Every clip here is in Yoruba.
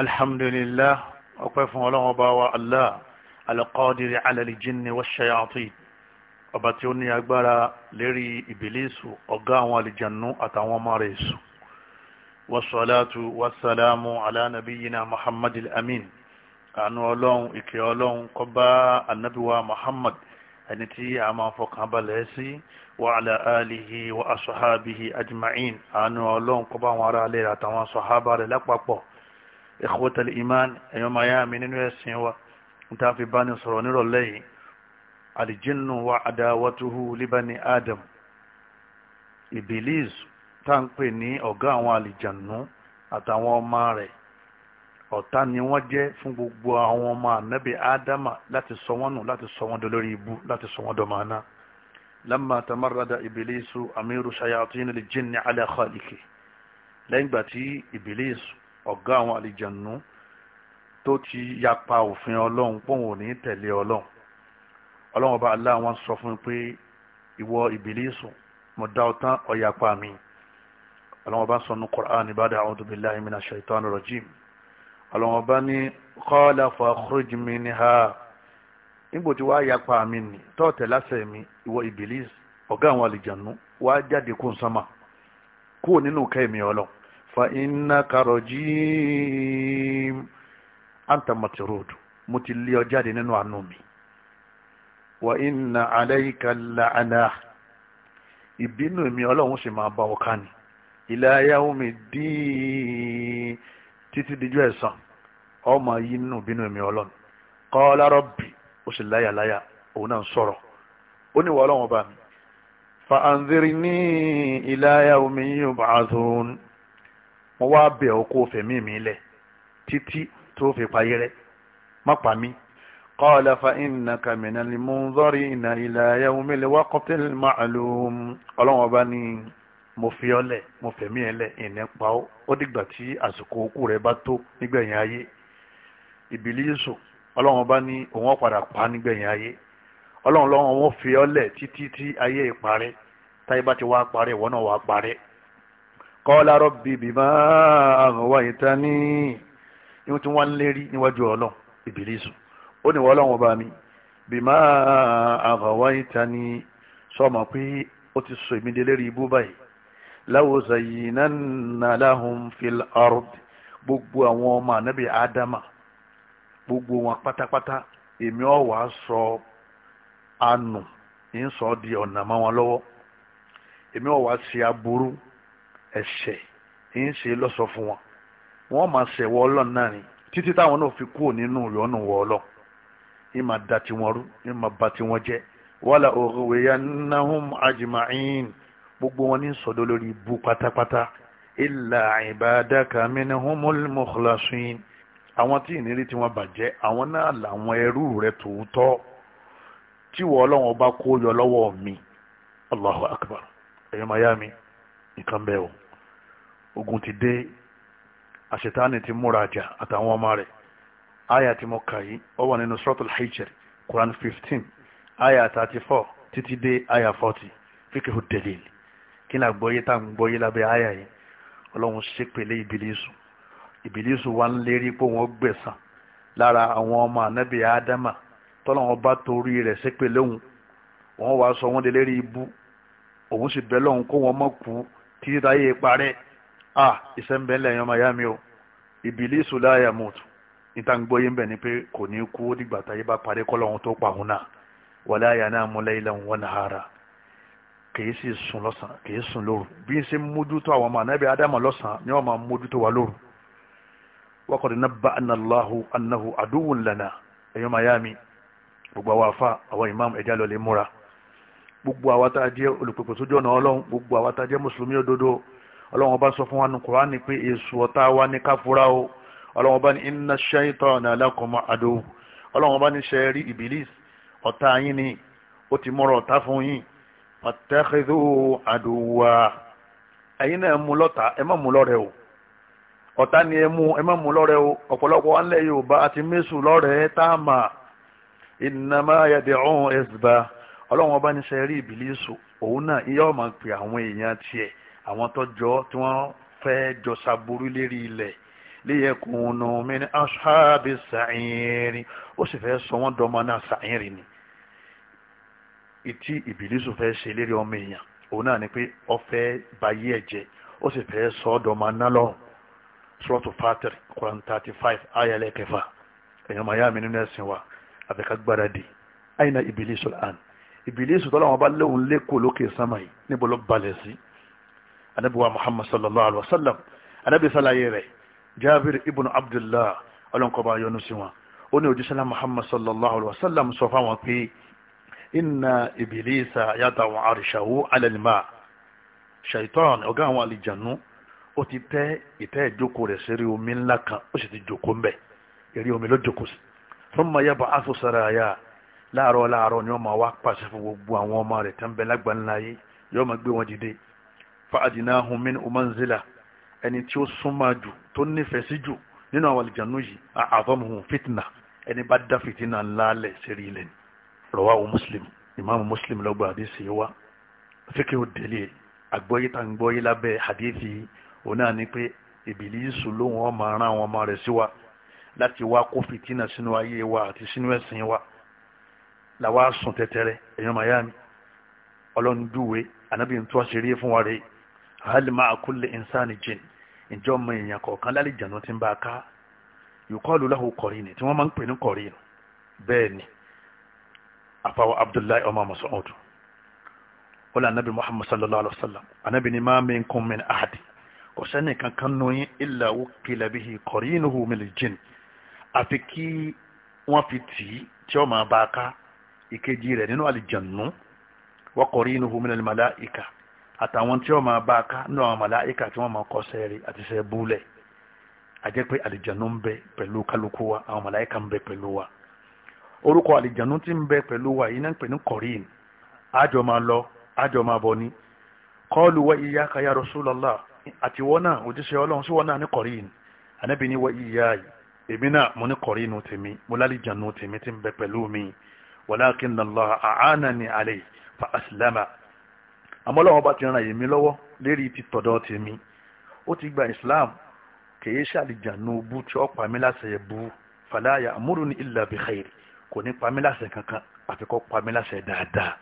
alhamdulillah ọpẹ́ fún ọlọ́run ọba wa allah alqadiri ala aljinni wash-shayatin ọba tí ó ní agbára lérí ìbílísù ọ̀gá àwọn àlìjànú àtàwọn ọmọ rẹ̀ èṣù wassalatu wassalamu ala nabiyyina muhammad al-amin àánú ọlọ́run ìkẹ́ ọlọ́run kó bá annabiwa muhammad ẹni tí a máa fọkàn balẹ̀ sí wa ala alihi wa ashabihi ajma'in àánú ọlọ́run kó bá àwọn ará alẹ́ àtàwọn sọ̀hábà rẹ̀ lápapọ̀ ikhwatal iman ẹ̀yọ́ máa yá mi nínú ẹ̀sìn wa n ta fi bá ní sọ̀rọ̀ nírọ̀lẹ́ yìí alìjínú wa adawatuhu libani adam ibilis tá ń pè ní ọ̀gá àwọn àlìjànú àtàwọn ọmọ rẹ̀ ọ̀tá ni wọ́n jẹ́ fún gbogbo àwọn ọmọ ànábì ádámà láti sọ wọ́n nù láti sọ wọ́n dolórí ibu láti sọ wọ́n dọ̀mọ́ná lamma tamarrada ibilisu amiru shayatin aljinni ala khaliki ọ̀gá àwọn àlìjànú tó ti yapa òfin ọlọ́run pòun ò ní tẹ̀lé ọlọ́run ọlọ́run ọba Allah wọn sọ fún mi pé ìwọ ìbílísù mo dá ọ tán ó yapa mi ọlọ́run ọba sọ ní Qur'an ibada a'udhu billahi minash shaitani rajim ọlọ́run ọba ní qala fakhruj minha nígbò tí wàá yapa mi nì tọ́ọ̀tẹ̀ lásẹ̀ mi ìwọ ìbílísù ọ̀gá àwọn àlìjànú wàá jáde kó nsọ́mà kúrò nínú kẹ́ẹ̀mí ọlọ́run فإنك رجيم أنت مطرود متلي وجادي ننو عنومي وإن عليك اللعنة ìbínú mi ọlọ́run sì máa bá ọ̀ká ni ila yaumi dín títí díjọ́ ẹ̀san ọmọ yìí nínú ìbínú mi ọlọ́run qala rabbi ó sì láyàláyà òun náà ń sọ̀rọ̀ ó ní wọ́n ọlọ́run ọba mi fa anzirni ila yaumi yub'athun mo wá bẹ̀ ọ́ kó mi lẹ̀ títí tó fi payé rẹ̀ má pa mí. qala fa innaka minal munzarina ila yawmil waqtil ma'lum ọlọ́wọ́n bá ní mo fi ọ́ mo fẹ̀mí ẹ ìní pa ó ó dìgbà tí àsìkò òkú bá tó nígbẹ̀yìn ayé ọlọ́wọ́n bá ní òun fi títí kọ́lá rọ́bì bímá àhùwà ìtaní ní wọ́n ti wá ń lérí níwájú ọlọ́run ìbílísù ó ní wọ́n ọlọ́run ọba mi bímá àhùwà ìtaní sọmọ pé ó ti sọ èmi dé lérí ibú báyìí láwo zayyinanna lahum fil ard gbogbo àwọn ọmọ ànábì ádámà gbogbo wọn pátápátá èmi ọ̀ wá sọ àánú ń sọ di ọ̀nà mọ́ lọ́wọ́ èmi ọ̀ wá ṣe aburú ẹ̀ṣẹ̀ ń ṣe lọ́sọ fún wọn wọ́n máa ṣẹ̀wọ́ ọlọ́run náà ni títí táwọn náà fi kúrò nínú ìyọ́nù wọ ọlọ́run ìmà da tiwọn rú ìmà ba tiwọn jẹ́ wala ughwiyannahum ajma'in gbogbo wọn ní sọdọ lórí ibú pátápátá illa ibadaka minhumul mukhlasin àwọn tí ìnírí tí wọn bàjẹ́ àwọn náà làwọn ẹrú rẹ tòótọ́ tí wọ́n ọlọ́run kó yọ lọ́wọ́ mi allahu akbar ẹ̀yọ́ mayami nǹkan bẹ́ẹ̀ o. ogun ti dé asetani ti múrajà àtàwọn ọmọ re aya ti mọ kàyí ọ wà nínú sọ́tò hajj quran 15 aya 34 títí dé aya 40 fíkẹ́ hùtẹ́lẹ̀lì kí ní àgbọ́yé tá à ń gbọ́yé lábẹ́ aya yìí ọlọ́run ṣe pẹ̀lẹ́ ìbílẹ̀sù ìbílẹ̀sù wà ń lara pé wọ́n gbẹ̀sán lára àwọn ọmọ anabi adama tọ́lọ́wọ́n bá torí rẹ̀ ṣe pẹ̀lẹ́ òun wọ́n wá sọ wọ́n lé lérí ibú òun sì ah ìsẹ́nbẹ́ ńlẹ̀ yan miami o ìbílísù la yamut níta ń gbọ́ yín bẹ̀ ni pé kò ní kú ó dìgbà táyé bá parí kọ́lọ́hún tó pa òun náà wala yanamu laylan wa nahara kìí sì sùn lọ́sàn kìí sùn lóru bí n ṣe mójútó àwọn ọmọ anábì ádámà lọ́sàn ni wọ́n máa mójútó wa lóru waqad nabba'ana Allahu annahu aduwwun lana ẹ̀yọ́ miami gbogbo àwọn afa àwọn imam ẹ̀já lọ́lẹ̀ múra gbogbo àwọn tá a sójú ọ̀nà ọlọ́run gbogbo àwọn tá mùsùlùmí òdodo ọlọ́run ọba sọ fún wa ní kùránì pé èṣù ọ̀tá wa ní káfúrá o ọlọ́run ọba ní inna shaytana lakum adu ọlọ́run ọba ní ṣe rí ọ̀tá yín ni ó ti mọ́ra ọ̀tá fún yín pàtẹ́kẹ́dó àdùwà ẹ̀yin náà mú lọ́tà ẹ má mú lọ́rẹ̀ o ọ̀tá ni ẹ mú ẹ má mú lọ́rẹ̀ o ọ̀pọ̀lọpọ̀ alẹ́ yorùbá àti mẹ́sù lọ́rẹ̀ táàmà àwọn tó jọ tí wọ́n fẹ́ jọ saburú lérí ilẹ̀ liyekunu min ashabi sa'iri ó sì fẹ́ sọ wọ́n dọ́mọ náà sa'iri ni ìtí ìbílísù fẹ́ ṣe lérí ọmọ èèyàn òun náà ni pé ó fẹ́ bayé ẹ̀jẹ̀ ó sì fẹ́ sọ ọ́ náà lọ́rùn suratu fatir quran thirty five ayẹlẹ kẹfà èèyàn màá yá mi nínú ẹ̀sìn wa àbẹ̀ká gbára di àyìnà ìbílísù àn ìbílísù tọ́lá wọn bá léwu lẹ́kọ̀ọ́ lókè sámà yìí níbo ló balẹ̀ sí. Si anabi wa muhammad sallallahu alaihi wa sallam anabi ṣàlàyé rẹ̀ jabir ibn abdullah ọlọ́nkọba yọ́nú sí wọn ó ní òjíṣẹ́lá muhammad sallallahu alaihi wa sallam sọ fáwọn pé inna ibilisa yàtọ̀ àwọn àrìṣàwó alẹ́nìmá shaitan ọ̀gá àwọn àlìjànú ó ti tẹ́ ìtẹ́ ìjókòó rẹ̀ sí rí omi ńlá kan ó sì ti jókòó mbẹ̀ ìrí omi ló jókòó sí thumma yab'athu saraya láàárọ̀ láàárọ̀ ni wọ́n máa wá pàṣẹ fún gbogbo àwọn ọmọ rẹ̀ tẹ́ ń bẹ lágbàńláyé yóò máa gbé wọn dìde faadina minhu manzila ẹni tí ó súnmọ́ jù tó nífẹ̀ẹ́ sí jù nínú àwọn àlìjánu yìí àfọmùhùn fitna ẹni bá dá fitina ńlá lẹ̀ sẹ́rí ilẹ̀ ni rawahu muslim imaamu muslim lọ́gbà àdìsí wa fíkẹ́ òdèlè àgbọ́yé tá à ń gbọ́yé lábẹ́ àdìsí òun náà ni pé ìbílísù lóhùn ọmọ ara àwọn ọmọ rẹ̀ sí wa láti wá kó fitina sínú ayé wa àti sínú ẹ̀sìn wa làwa sùn tẹ́tẹ́rẹ́ ẹ̀yọ́ mayami ọlọ́run júwe ànábì ń tó àṣírí fún wa rèé hal ma'a kulli insani jin ìjọ ọmọ èèyàn kọ̀ọ̀kan lálejànú ti ń bá a ká yòókọ́lù lahu kọ̀rin ni tí wọ́n máa ń pè ní kọ̀rin bẹ́ẹ̀ ni àfàwọ̀ abdullahi ọmọ Mas'ud wọ́n anabi muhammad sallallahu alaihi wa sallam anabi ni ma minkum min ahadi kò sẹ́ni kankan nù yín illa wukila bihi kọ̀rinuhu minal jin àfi kí wọ́n fi tì í tí ó máa bá a ká ìkejì rẹ̀ nínú àlìjànú wa kọ̀rinuhu minal malaika àtàwọn tí wọ́n máa bá a ká ní àwọn màláìka tí wọ́n máa kọ́ sẹ́ẹ̀rì àti sẹ́ẹ̀ búlẹ̀ àjẹ́ pé àlìjànú ń bẹ pẹ̀lú kálukú wa àwọn màláìka ń bẹ pẹ̀lú wa orúkọ àlìjànú tí ń bẹ pẹ̀lú wa yìí náà ń pè ní kọ̀rín àjọ máa lọ àjọ máa bọ̀ ni kọ́ọ̀lù wa iyyaka ya Rasulullah àti wọ́n náà òjíṣẹ́ ọlọ́run sí wọ́n náà ní kọ̀rín ànábì ní wa iyá yìí èmi náà mo ní kọ̀rín tèmi mo lálìjànú tèmi tí ń bẹ pẹ̀lú mi walakinna Allah a'anani alayhi fa aslama àmọ́ lọ́wọ́ bá ti ran èmi lọ́wọ́ lérí ti tọ̀dọ̀ tèmi ó ti gba islam kìí ṣàlìjànú bú tí ó pa mí láṣẹ bú fàlàyà àmúrù ní illa bi khair kò ní pa mí láṣẹ kankan àfi kó pa mí láṣẹ dáadáa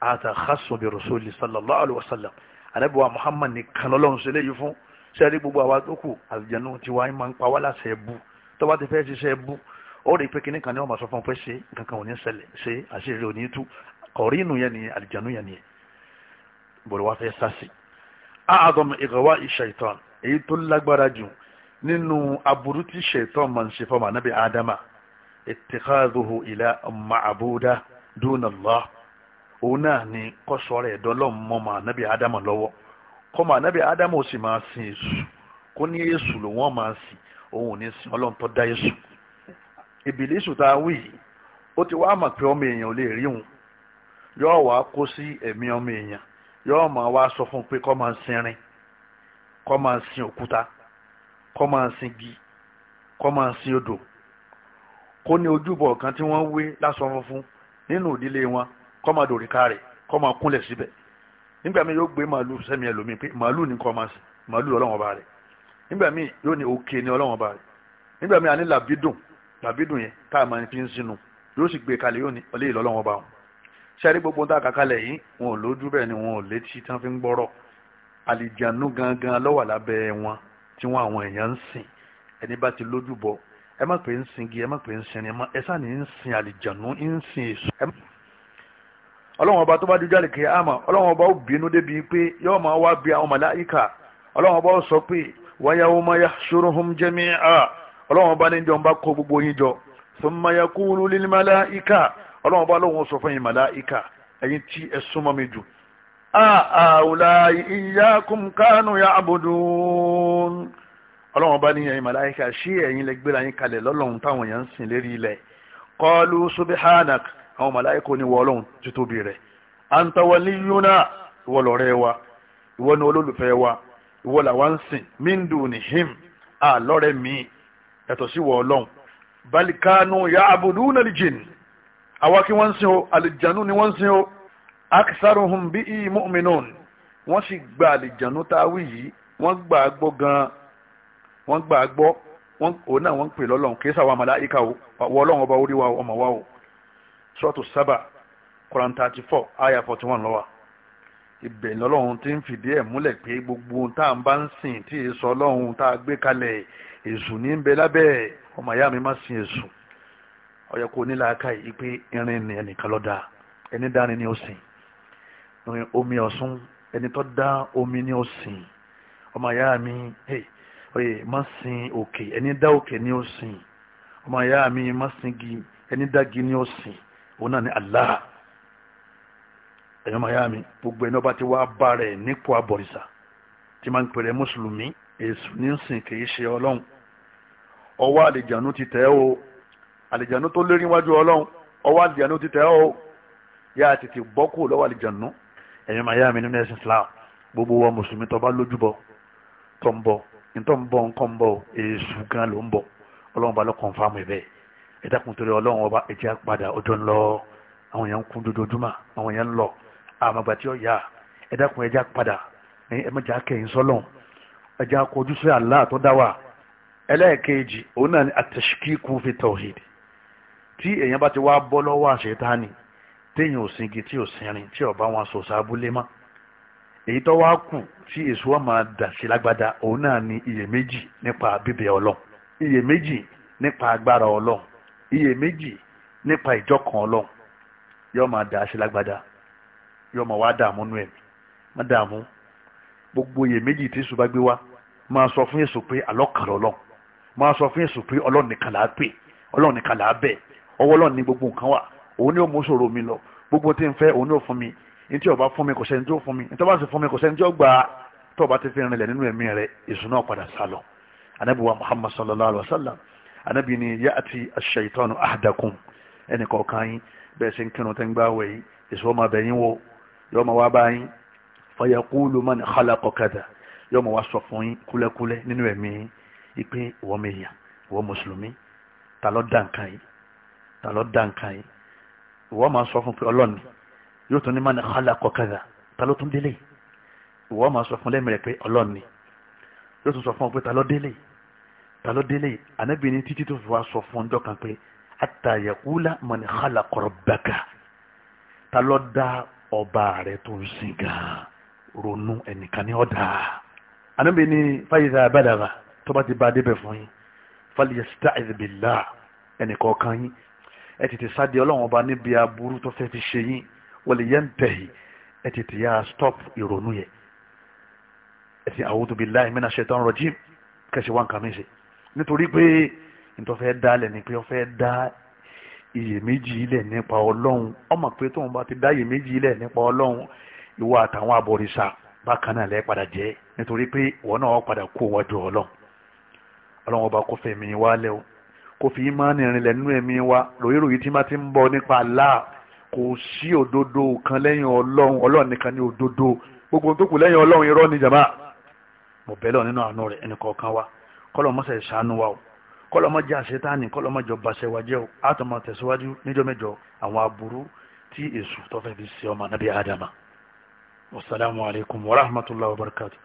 àtà khasun bi rasuli sallallahu alayhi wa sallam anabiwa muhammad ní kan lọ́lọ́run ṣe léyìí fún sẹ́ẹ̀rí gbogbo àwa tó kù àlìjànú tiwa ń máa ń pa wá láṣẹ bú tó ti fẹ́ ṣiṣẹ́ bú ó rí i pé kinní kan ní wọ́n máa sọ fún un pé ṣe nǹkan kan ò ṣe àṣírí ò tú kọ̀rí inú yẹn nìyẹn àlìjànú yẹn nìyẹn bọ̀dọ̀ wá fẹ́ sásì àádọ́m ìgbàwá ìṣàìtàn èyí tó lágbára jù nínú aburú tí ṣàìtàn máa ń ṣe fọmọ anábì ádámà ìtìkáàdùhù ìlà ma'abuda dúnàlá òun náà ni kọ́sọ́ rẹ̀ dọ́lọ́m mọ́ mọ́ anábì ádámà lọ́wọ́ kọ́mọ anábì ádámà ó sì máa sin èṣù kó ní èṣù ló wọ́n máa sìn òun ní sin ọlọ́run tó dá èṣù ìbílísù tá a wí yìí ó ti wá mọ̀ pé ọmọ èèyàn ò lè rí òun yóò wá kó sí ẹ̀mí ọmọ èèyàn yóò máa wá sọ fún un pé kó máa ń sinrin kó máa ń sin òkúta kó máa ń sin gi kó máa ń sin odò kó ní ojúbọ kan tí wọ́n wé lásán funfun nínú ìdílé wọn kó máa dòríkà rẹ̀ kó máa kúnlẹ̀ síbẹ̀ nígbà míì yóò gbé màálù sẹ́mi ẹlòmíì pé màálù ní kó máa sìn màálù ọlọ́wọ́n bá rẹ̀ nígbà míì yóò ní òkè ní ọlọ́wọ́n bá rẹ̀ nígbà míì àní làbídùn làbídùn yẹn tá máa fi ń sinú yóò sì gbé kalẹ̀ yóò ní ọlẹ́yìn lọ́lọ́wọ́n bá wọn sẹ́rí gbogbo tá a kà kalẹ̀ yìí wọn ò lójú bẹ́ẹ̀ ni wọn ò létí tán fi ń gbọ́rọ̀ àlìjànú gangan ló wà lábẹ́ wọn tí wọn àwọn èèyàn ń sìn ẹni bá ti lójú bọ ẹ má pè ń sin igi ẹ má pè ń sin ẹni ẹ sáà ní ń sin àlìjànú ń sin èso. ọlọ́run ọba tó bá dojú àlèkè àmọ́ ọlọ́run ọba ó bínú débi pé yóò máa wá bí àwọn màláìkà ọlọ́run ọba ó sọ pé wayawma yahshuruhum jami'a ọlọ́run ọba níjọ ń bá kó gbogbo yín jọ thumma yaqulu lil malaika ọlọ́run bá lóun sọ fún yín màláìka ẹ̀yin tí ẹ súnmọ́ mi jù. àwùlà iyyakum kanu ya'budun ọlọ́run bá ní ẹ̀yin màláìka ṣé ẹ̀yin lẹ gbéra yín kalẹ̀ lọ́lọ́run táwọn èèyàn ń sìn lérí ilẹ̀ qalu subhanak àwọn màláìka ò ní wọ ọlọ́run títóbi rẹ̀ anta waliyuna ìwọ lọ̀rẹ́ wa ìwọ ni olólùfẹ́ wa ìwọ làwa ń sìn min dunihim àlọ́rẹ́ mi yàtọ̀ sí wọ ọlọ́run bal kanu ya'buduna al àwa kí wọ́n ń sin o àlìjánu ni wọ́n ń sin o aksaruhum bí i mu'minun wọ́n sì gba àlìjánu tá yìí wọ́n gbà á gan-an wọ́n gbà á gbọ́ wọ́n òun náà wọ́n ń pè lọ́lọ́run o wọ́n ọlọ́run ọba orí wa ọmọ wa o sọ́ọ̀tù sábà Quran thirty four ayah forty one lọ́wọ́ ibẹ̀ lọ́lọ́run ti ń fìdí ẹ̀ múlẹ̀ pé gbogbo ohun tá à ń bá ń sìn tí èso ọlọ́run tá a gbé kalẹ̀ èṣù ní ń bẹ lábẹ́ ọmọ ìyá mi má sin èṣù ọ̀yẹ́ kó ní làákà yìí pé irin ni ẹnìkan ló dá ẹni dárin ni ó sìn omi ọ̀sùn ẹni tó dá omi ni ó sìn ọmọ ìyá mi ọ̀yẹ́ má sìn òkè ẹni dá òkè ni ó sìn ọmọ ìyá mi má sìn gi ẹni dá gi ni ó sìn òun náà ni Allah ẹ̀yọ́ màyá mi gbogbo ẹni ọba ti wá bá rẹ̀ nípò abọ̀rìṣà tí máa ń pèrè mùsùlùmí èṣù ní sìn kì í ṣe ọlọ́run ọwọ́ àlejànú ti tẹ́ o àlìjànú tó lérí wájú ọlọ́run ọwọ́ àlìjànú ti tẹ́ ọ́ yá tètè bọ́ kúrò lọ́wọ́ àlìjànú ẹ̀yin màá yá mi nínú ẹ̀sìn Islam gbogbo wa mùsùlùmí tó bá lójú bọ tó ń bọ nítorí ń bọ nǹkan ń bọ èṣù gan ló ń bọ ọlọ́run bá lọ kọ̀ǹfàmù ẹ̀ bẹ́ẹ̀ ẹ dákun torí ọlọ́run ọba ẹ jẹ́ padà ọjọ́ ńlọ àwọn èèyàn ń kún dojoojúmọ́ àwọn èèyàn ń lọ àmàgbà tí ó yá padà ẹ kẹyìn sọ́lọ́run ẹ jẹ́ kọjú sí Allah tó dá wa ẹlẹ́ẹ̀kejì òun náà ni àtẹ̀síkí kún fi tawhid tí èèyàn bá ti wá bọ́ lọ́wọ́ àṣetánì téèyàn ò singi tí ò sinrin tí ọba wọn sọ sábúlé mọ́ èyí tó wá kù tí èso wọn máa dà sí lágbádá òun náà ni iyèméjì nípa bíbẹ ọlọ́run iyèméjì nípa agbára ọlọ́run iyèméjì nípa ìjọkan ọlọ́run yóò máa dà sí lágbádá yóò máa wá dààmú nú ẹ̀mí má dààmú gbogbo iyèméjì tí èso bá gbé wá máa sọ fún èso pé alọ́kànlọ́lọ́ máa sọ fún èso pé ọlọ́run làá pè ọlọ́run làá bẹ̀ẹ́ ọwọ́ lọ́ọ̀ ni gbogbo nǹkan wà òun ni ó mú sòrò mi lọ gbogbo tí n fẹ́ òun ni ó fún mi ní tí ó bá fún mi kò sẹ́ni tí ó fún mi ní tó bá sì fún mi kò sẹ́ni tí ó gbà á tó bá ti fi rinlẹ̀ nínú ẹ̀mí rẹ̀ èso náà padà sá lọ anabi wa muhammad sallallahu alaihi wa sallam anabi ni yaati ashaitanu ahadakum ẹnì kọ̀ọ̀kan yín bẹ́ẹ̀ sì ń kírun tẹ́ ń gbá wẹ̀ yìí èso ọmọ abẹ yín wo yọmọ wa bá yín fayaqulu man khalaqa kada yọmọ wa sọ fún yín kúlẹ́kúlẹ́ nínú ẹ̀mí yín ìpín ìwọ́n mi yàn ta ló dá nǹkan yìí ìwọ máa sọ fún pé ọlọ́ni yóò tún ní man khalaqa kadha ta ló tún délé ìwọ máa sọ fún lẹ́mìí rẹ̀ pé ọlọ́ni yóò tún sọ fún ọ pé ta ló délé ta ló délé ànábì ní títí tó fi wá sọ fún ọjọ́ kan pé hatta yaqula man khalaqa rabbaka ta ló dá ọba rẹ̀ tó ń sìn gan ronú ẹnìkan ní ọ̀dà ànábì ní fáyidà tó bá ti bá débẹ̀ fún yín fal yasta'iz billah ẹnìkọ̀ọ̀kan yín ẹ tètè sáde ọlọ́run ọba níbi aburú tó fẹ́ fi ṣe yín wọ́n lè yẹ ń tẹ̀yì ẹ tètè stop ìrònú yẹn ẹ ti a'udhu billahi minash shaitan rajim kẹsì wá nǹkan mi ṣe nítorí pé nítorí fẹ́ dá lẹ̀ ni pé ó fẹ́ dá iyèméjì ilẹ̀ nípa ọlọ́run ọmọ pé tóun bá ti dá iyèméjì ilẹ̀ nípa ọlọ́run ìwọ àtàwọn abọ̀rìṣà bákan náà lẹ́ padà jẹ́ nítorí pé ìwọ náà padà kó wájú ọlọ́run ọlọ́run ọba kó fẹ̀mí wálẹ̀ o ofe fi ìmánì rinlẹ̀ nínú ẹ̀mí wa ròyìnròyìn tí má ti ń bọ̀ nípa Allah kò sí òdodo kan lẹ́yìn ọlọ́run ọlọ́run nìkan ní òdodo gbogbo tó kù lẹ́yìn ọlọ́run irọ́ ni jàmbá mo bẹ́ẹ̀ lọ nínú àánú rẹ̀ wa kọ́lọ́mọ́sẹ̀ ṣàánú wa o kọ́lọ́mọ́jẹ́ àṣetáàní kọ́lọ́mọ́jọ bàṣẹ wa jẹ́ o àtọmọ tẹ̀síwájú níjọ́ mẹ́jọ àwọn aburú tí èṣù tó fi ṣe ọmọ nàbí